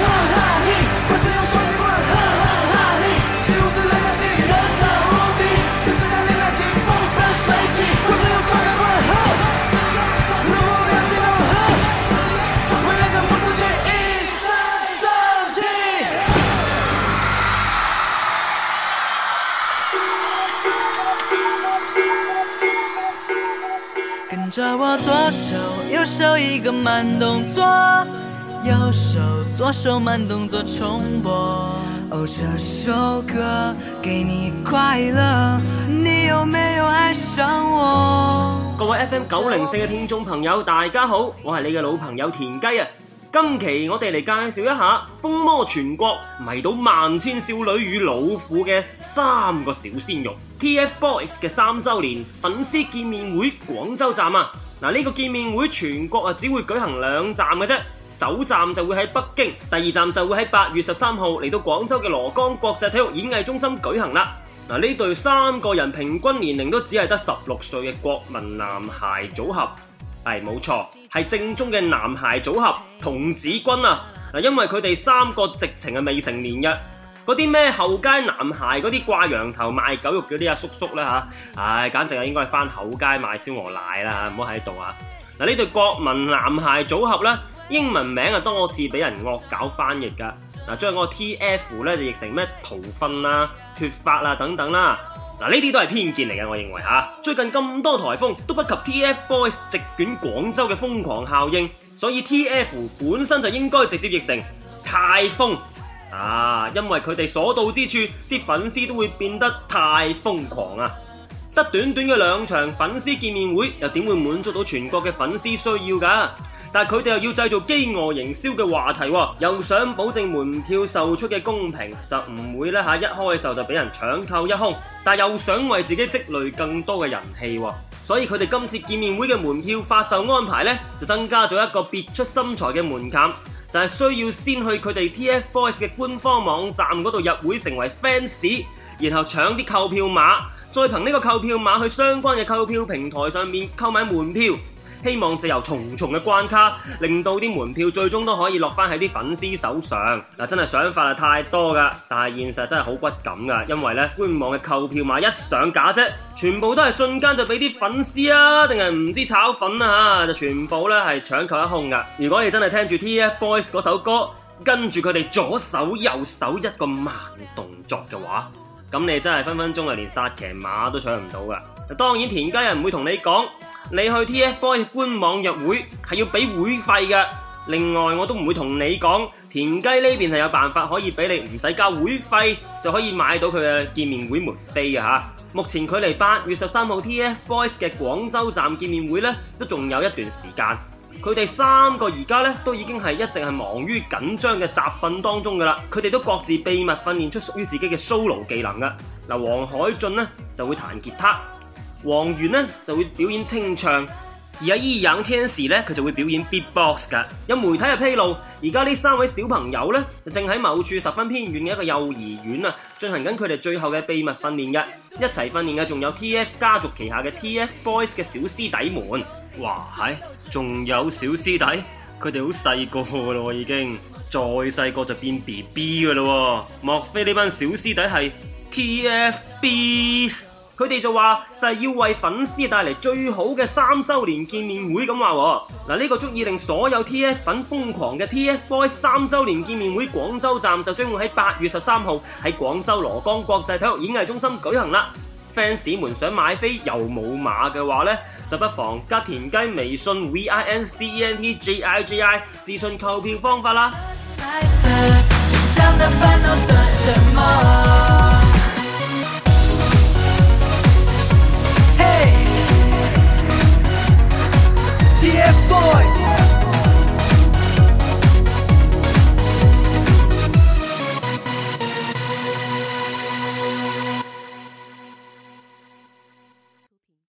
各位 FM 九零四嘅聽眾朋友，大家好，我係你嘅老朋友田雞啊。今期我哋嚟介紹一下《瘋魔全國》，迷倒萬千少女與老虎嘅三個小鮮肉。TFBOYS 嘅三周年粉絲見面會廣州站啊！嗱，呢個見面會全國啊只會舉行兩站嘅啫，首站就會喺北京，第二站就會喺八月十三號嚟到廣州嘅蘿崗國際體育演藝中心舉行啦。嗱，呢對三個人平均年齡都只係得十六歲嘅國民男孩組合，係冇錯。係正宗嘅男孩組合童子軍啊！因為佢哋三個直情係未成年嘅，嗰啲咩後街男孩嗰啲掛羊頭賣狗肉嗰啲阿叔叔咧、啊、唉、哎，簡直應該係返後街賣燒鵝奶啦吓，唔好喺度吓！呢對國民男孩組合呢，英文名啊多次畀人惡搞翻譯噶，嗱，將個 T F 咧就譯成咩逃婚啦、脫髮、啊、等等啦、啊。嗱，呢啲都係偏見嚟嘅，我認為最近咁多颱風都不及 TFBOYS 直捲廣州嘅瘋狂效應，所以 TF 本身就應該直接譯成太瘋啊！因為佢哋所到之處，啲粉絲都會變得太瘋狂啊！得短短嘅兩場粉絲見面會，又點會滿足到全國嘅粉絲需要㗎？但佢哋又要製造飢餓營銷嘅話題，又想保證門票售出嘅公平，就唔會一開售就俾人搶購一空。但又想為自己積累更多嘅人氣，所以佢哋今次見面會嘅門票發售安排呢，就增加咗一個別出心裁嘅門檻，就係需要先去佢哋 TFBOYS 嘅官方網站嗰度入會成為 fans，然後搶啲購票碼，再憑呢個購票碼去相關嘅購票平台上面購買門票。希望自由重重嘅關卡，令到啲門票最終都可以落返喺啲粉絲手上。真係想法太多㗎。但係現實真係好骨感㗎，因為咧，官網嘅購票碼一上架啫，全部都係瞬間就俾啲粉絲啊，定係唔知炒粉啊就全部呢係搶購一空㗎。如果你真係聽住 TFBOYS 嗰首歌，跟住佢哋左手右手一個慢動作嘅話，咁你真係分分鐘係連殺騎馬都搶唔到㗎。當然，田家又唔會同你講。你去 TFBOYS 官網入會係要畀會費嘅，另外我都唔會同你講，田雞呢邊係有辦法可以畀你唔使交會費就可以買到佢嘅見面會門票嘅吓。目前距離八月十三號 TFBOYS 嘅廣州站見面會呢都仲有一段時間。佢哋三個而家呢都已經係一直係忙於緊張嘅集訓當中噶啦，佢哋都各自秘密訓練出屬於自己嘅 solo 技能嘅。嗱，王俊凱呢就會彈吉他。王源呢就會表演清唱，而易烊千璽呢佢就會表演 Beatbox 噶有媒體嘅披露，而家呢三位小朋友咧正喺某處十分偏遠嘅一個幼兒園啊，進行緊佢哋最後嘅秘密訓練嘅。一齊訓練嘅仲有 TF 家族旗下嘅 TF Boys 嘅小師弟們。哇，係仲有小師弟，佢哋好細個噶啦，已經再細個就變 BB 噶啦。莫非呢班小師弟係 TF Boys？佢哋就話係要為粉絲帶嚟最好嘅三週年見面會咁話喎，嗱、啊、呢、呢個足以令所有 T F 粉瘋狂嘅 T F Boys 三週年見面會廣州站就將會喺八月十三號喺廣州蘿崗國際體育演藝中心舉行啦，fans 們想買飛又冇碼嘅話呢，就不妨加田雞微信 v i n c e n t j i g i 諮詢購票方法啦。